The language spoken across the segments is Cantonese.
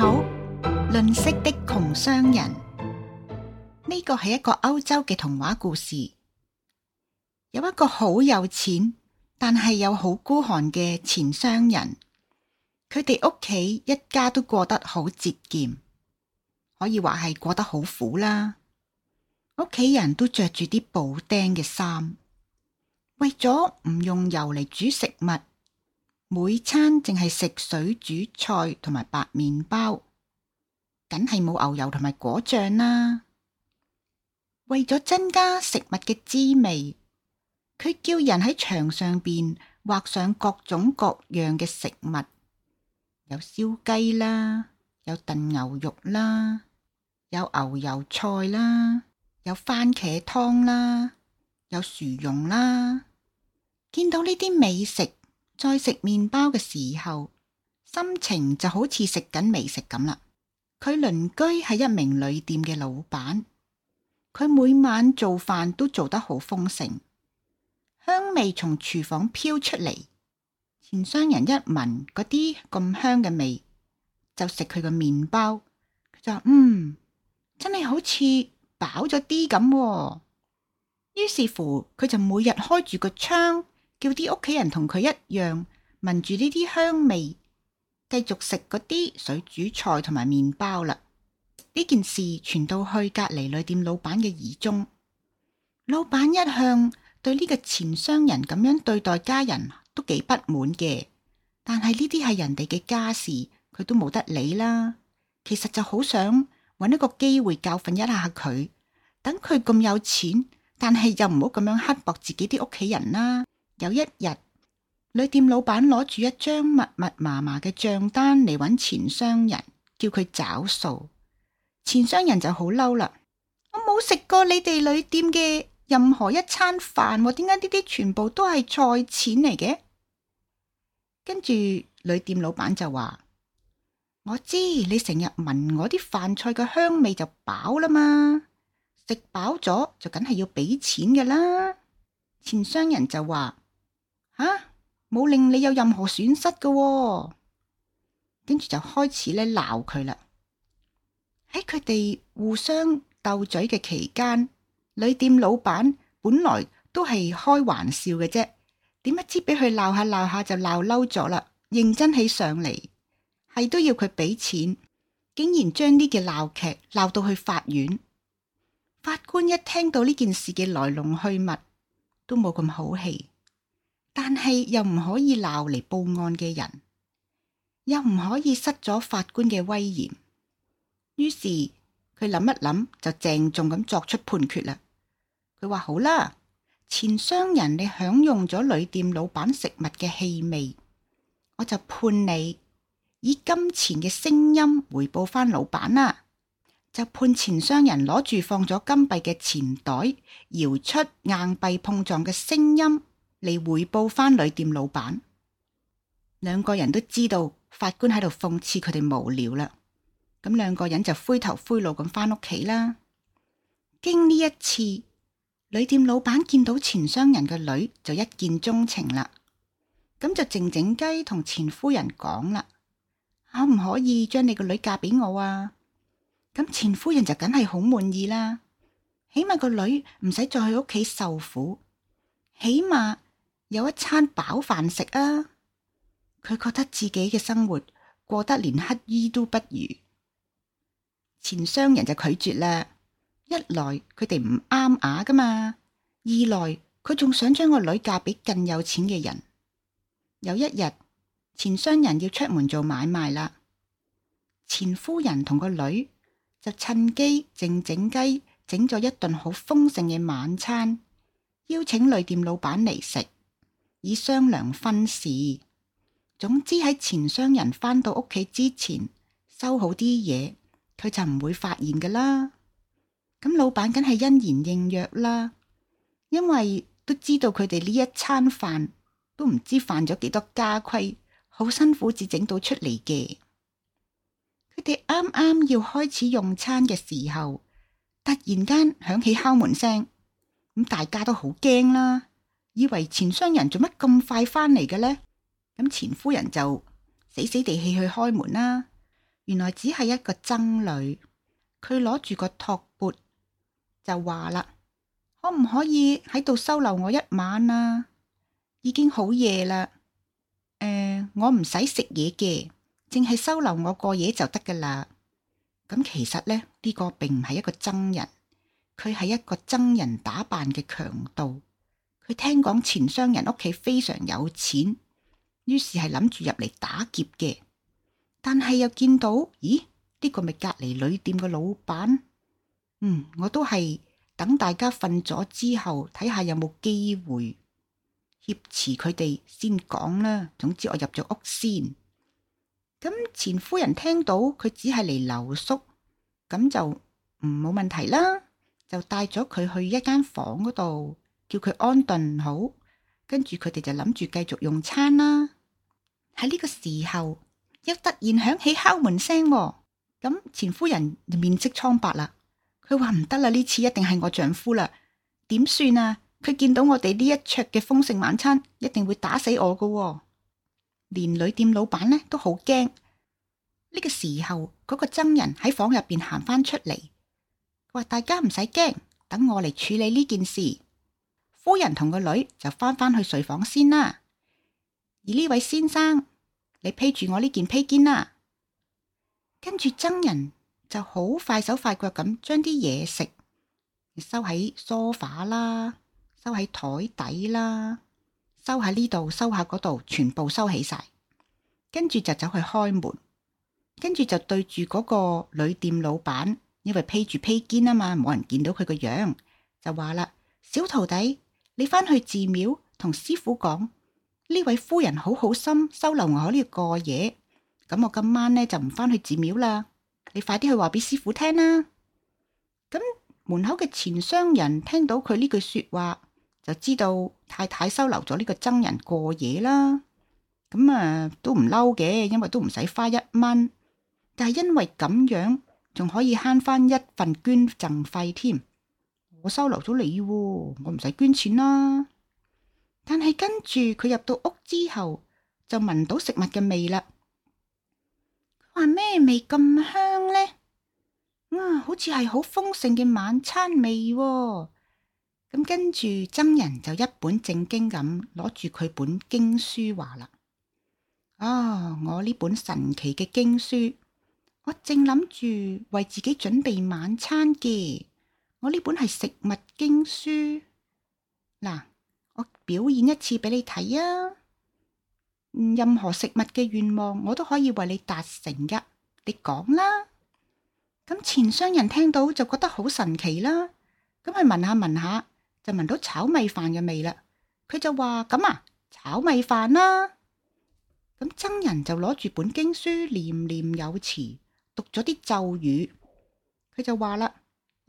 好，吝嗇的窮商人呢個係一個歐洲嘅童話故事。有一個好有錢但係又好孤寒嘅錢商人，佢哋屋企一家都過得好節儉，可以話係過得好苦啦。屋企人都着住啲布丁嘅衫，為咗唔用油嚟煮食物。每餐淨係食水煮菜同埋白麵包，梗係冇牛油同埋果醬啦。為咗增加食物嘅滋味，佢叫人喺牆上邊畫上各種各樣嘅食物，有燒雞啦，有燉牛肉啦，有牛油菜啦，有番茄湯啦，有薯蓉啦。見到呢啲美食。再食麵包嘅時候，心情就好似食緊美食咁啦。佢鄰居係一名旅店嘅老闆，佢每晚做飯都做得好豐盛，香味從廚房飄出嚟。前商人一聞嗰啲咁香嘅味，就食佢嘅麵包，佢就嗯，真係好似飽咗啲咁。於是乎，佢就每日開住個窗。叫啲屋企人同佢一樣聞住呢啲香味，繼續食嗰啲水煮菜同埋麵包啦。呢件事傳到去隔籬旅店老闆嘅耳中，老闆一向對呢個前商人咁樣對待家人都幾不滿嘅，但係呢啲係人哋嘅家事，佢都冇得理啦。其實就好想搵一個機會教訓一下佢，等佢咁有錢，但係又唔好咁樣刻薄自己啲屋企人啦。有一日，旅店老闆攞住一張密密麻麻嘅賬單嚟搵錢商人，叫佢找數。錢商人就好嬲啦，我冇食過你哋旅店嘅任何一餐飯，啊，點解呢啲全部都係菜錢嚟嘅？跟住旅店老闆就話：我知你成日聞我啲飯菜嘅香味就飽啦嘛，食飽咗就梗係要俾錢㗎啦。錢商人就話。.啊！冇令你有任何損失噶喎，跟住就開始咧鬧佢啦。喺佢哋互相鬥嘴嘅期間，旅店老闆本來都係開玩笑嘅啫，點不知俾佢鬧下鬧下就鬧嬲咗啦，認真起上嚟係都要佢俾錢，竟然將呢嘅鬧劇鬧到去法院。法官一聽到呢件事嘅來龍去脈，都冇咁好氣。但係又唔可以鬧嚟報案嘅人，又唔可以失咗法官嘅威嚴。於是佢諗一諗，就鄭重咁作出判決啦。佢話，好啦，錢商人你享用咗旅店老闆食物嘅氣味，我就判你以金錢嘅聲音回報翻老闆啦，啊。就判錢商人攞住放咗金幣嘅錢袋，搖出硬幣碰撞嘅聲音。嚟回報翻旅店老闆，兩個人都知道法官喺度諷刺佢哋無聊啦，咁兩個人就灰頭灰腦咁翻屋企啦。經呢一次，旅店老闆見到錢商人嘅女就一見鍾情啦，咁就靜靜雞同錢夫人講啦，可唔可以將你個女嫁俾我啊？咁錢夫人就梗係好滿意啦，起碼個女唔使再去屋企受苦，起碼。有一餐飽飯食啊！佢覺得自己嘅生活過得連乞衣都不如。錢商人就拒絕啦，一來佢哋唔啱牙噶嘛，二來佢仲想將個女嫁俾更有錢嘅人。有一日，錢商人要出門做買賣啦，錢夫人同個女就趁機靜靜雞，整咗一頓好豐盛嘅晚餐，邀請旅店老闆嚟食。以商量婚事，總之喺前商人返到屋企之前收好啲嘢，佢就唔會發現㗎啦。咁老闆梗係欣然應約啦，因為都知道佢哋呢一餐飯都唔知犯咗幾多家規，好辛苦至整到出嚟嘅。佢哋啱啱要開始用餐嘅時候，突然間響起敲門聲，咁大家都好驚啦。以為錢商人做乜咁快翻嚟嘅呢？咁錢夫人就死死地氣去開門啦。原來只係一個僧侶，佢攞住個托缽就話啦：可唔可以喺度收留我一晚啊？已經好夜啦。誒、呃，我唔使食嘢嘅，淨係收留我過夜就得噶啦。咁其實咧，呢、這個並唔係一個僧人，佢係一個僧人打扮嘅強盜。佢聽講錢商人屋企非常有錢，於是係諗住入嚟打劫嘅。但係又見到，咦？呢個咪隔籬旅店嘅老闆？嗯，我都係等大家瞓咗之後，睇下有冇機會挾持佢哋先講啦。總之，我入咗屋先。咁錢夫人聽到佢只係嚟留宿，咁就唔冇問題啦。就帶咗佢去一間房嗰度。叫佢安頓好，跟住佢哋就諗住繼續用餐啦。喺呢個時候，一突然響起敲門聲喎，咁、嗯、前夫人面色蒼白啦。佢話唔得啦，呢次一定係我丈夫啦，點算啊？佢見到我哋呢一桌嘅豐盛晚餐，一定會打死我噶喎。連旅店老闆呢都好驚。呢、這個時候，嗰、那個僧人喺房入邊行翻出嚟，話大家唔使驚，等我嚟處理呢件事。夫人同個女就翻返去睡房先啦。而呢位先生，你披住我呢件披肩啦。跟住僧人就好快手快腳咁將啲嘢食收喺梳化啦，收喺台底啦，收喺呢度，收下嗰度，全部收起晒。跟住就走去開門，跟住就對住嗰個旅店老闆，因為披住披肩啊嘛，冇人見到佢個樣，就話啦，小徒弟。你翻去寺廟同師父講，呢位夫人好好心收留我喺呢度過夜，咁我今晚咧就唔翻去寺廟啦。你快啲去話俾師父聽啦。咁門口嘅錢商人聽到佢呢句說話，就知道太太收留咗呢個僧人過夜啦。咁啊都唔嬲嘅，因為都唔使花一蚊，但係因為咁樣仲可以慳翻一份捐贈費添。我收留咗你，我唔使捐錢啦。但係跟住佢入到屋之後，就聞到食物嘅味啦。佢話咩味咁香呢？啊、嗯，好似係好豐盛嘅晚餐味，哦。咁跟住，真人就一本正經咁攞住佢本經書話啦。啊，我呢本神奇嘅經書，我正諗住為自己準備晚餐嘅。我呢本係食物經書，嗱，我表演一次俾你睇啊！任何食物嘅願望，我都可以為你達成噶。你講啦。咁錢商人聽到就覺得好神奇啦。咁佢聞下聞下，就聞到炒米飯嘅味啦。佢就話咁啊，炒米飯啦。咁僧人就攞住本經書，念念有詞，讀咗啲咒語。佢就話啦。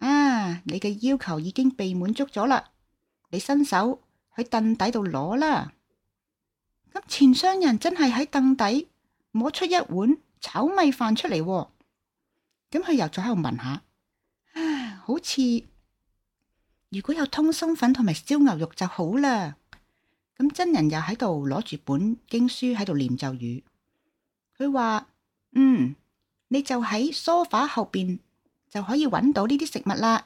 啊！你嘅要求已經被滿足咗啦，你伸手喺凳底度攞啦。咁窮商人真係喺凳底摸出一碗炒米飯出嚟、哦，咁佢又再喺度問下，啊，好似如果有通心粉同埋燒牛肉就好啦。咁真人又喺度攞住本經書喺度念咒語，佢話：嗯，你就喺梳化後邊。就可以揾到呢啲食物啦。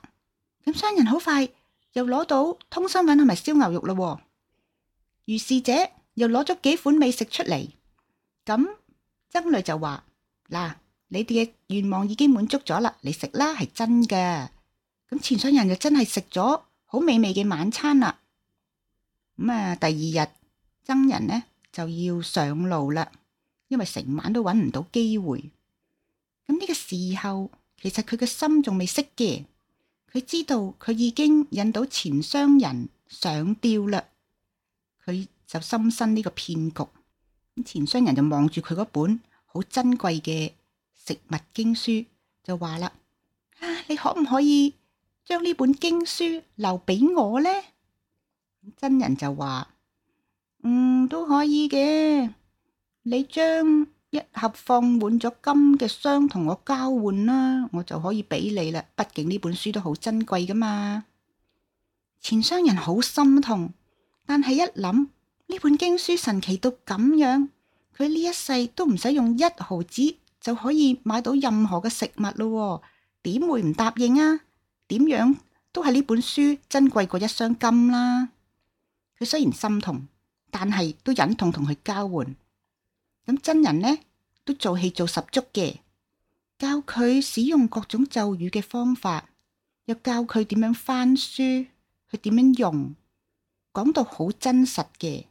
咁商人好快又攞到通心粉同埋燒牛肉啦。如是者又攞咗幾款美食出嚟。咁僧侶就話：嗱，你哋嘅願望已經滿足咗啦，嚟食啦，係真嘅。咁窮商人就真係食咗好美味嘅晚餐啦。咁啊，第二日僧人呢就要上路啦，因為成晚都揾唔到機會。咁呢個時候。其實佢嘅心仲未識嘅，佢知道佢已經引到錢商人上吊嘞，佢就心生呢個騙局。咁錢商人就望住佢嗰本好珍貴嘅食物經書，就話啦：，啊，你可唔可以將呢本經書留俾我呢？真人就話：，嗯，都可以嘅，你將。一盒放滿咗金嘅箱，同我交換啦，我就可以俾你啦。畢竟呢本書都好珍貴噶嘛。錢商人好心痛，但係一諗呢本經書神奇到咁樣，佢呢一世都唔使用一毫紙，就可以買到任何嘅食物咯，點會唔答應啊？點樣都係呢本書珍貴過一箱金啦。佢雖然心痛，但係都忍痛同佢交換。咁真人呢都做戲做十足嘅，教佢使用各種咒語嘅方法，又教佢點樣翻書，佢點樣用，講到好真實嘅。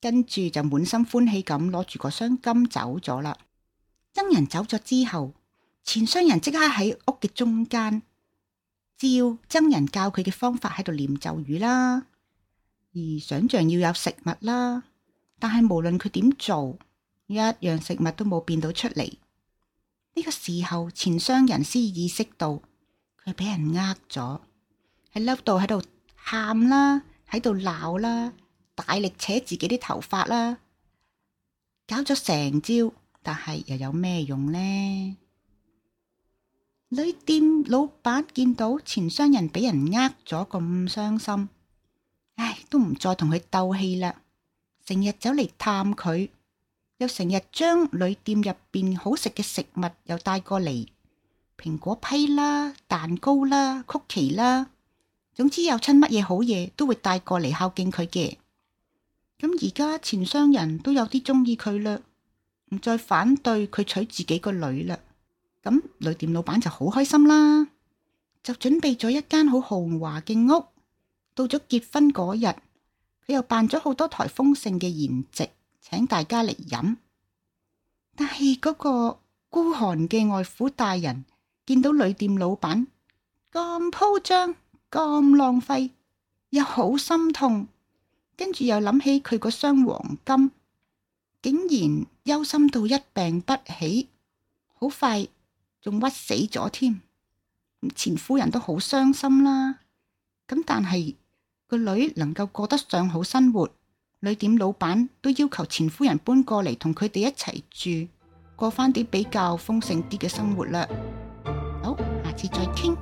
跟住就滿心歡喜咁攞住個箱金走咗啦。真人走咗之後，錢商人即刻喺屋嘅中間照真人教佢嘅方法喺度念咒語啦，而想象要有食物啦，但係無論佢點做。一樣食物都冇變到出嚟，呢個時候錢商人先意識到佢俾人呃咗，喺度喊啦，喺度鬧啦，大力扯自己啲頭髮啦，搞咗成朝。但係又有咩用呢？旅店老闆見到錢商人俾人呃咗咁傷心，唉，都唔再同佢鬥氣啦，成日走嚟探佢。又成日將旅店入邊好食嘅食物又帶過嚟，蘋果批啦、蛋糕啦、曲奇啦，總之有親乜嘢好嘢都會帶過嚟孝敬佢嘅。咁而家錢商人都有啲中意佢嘞，唔再反對佢娶自己個女嘞。咁旅店老闆就好開心啦，就準備咗一間好豪華嘅屋。到咗結婚嗰日，佢又辦咗好多台豐盛嘅筵席。請大家嚟飲，但係嗰個孤寒嘅外父大人見到旅店老闆咁鋪張、咁浪費，又好心痛，跟住又諗起佢個箱黃金，竟然憂心到一病不起，好快仲屈死咗添。前夫人都好傷心啦，咁但係個女能夠過得上好生活。旅店老闆都要求前夫人搬過嚟同佢哋一齊住，過返啲比較豐盛啲嘅生活啦。好，下次再傾。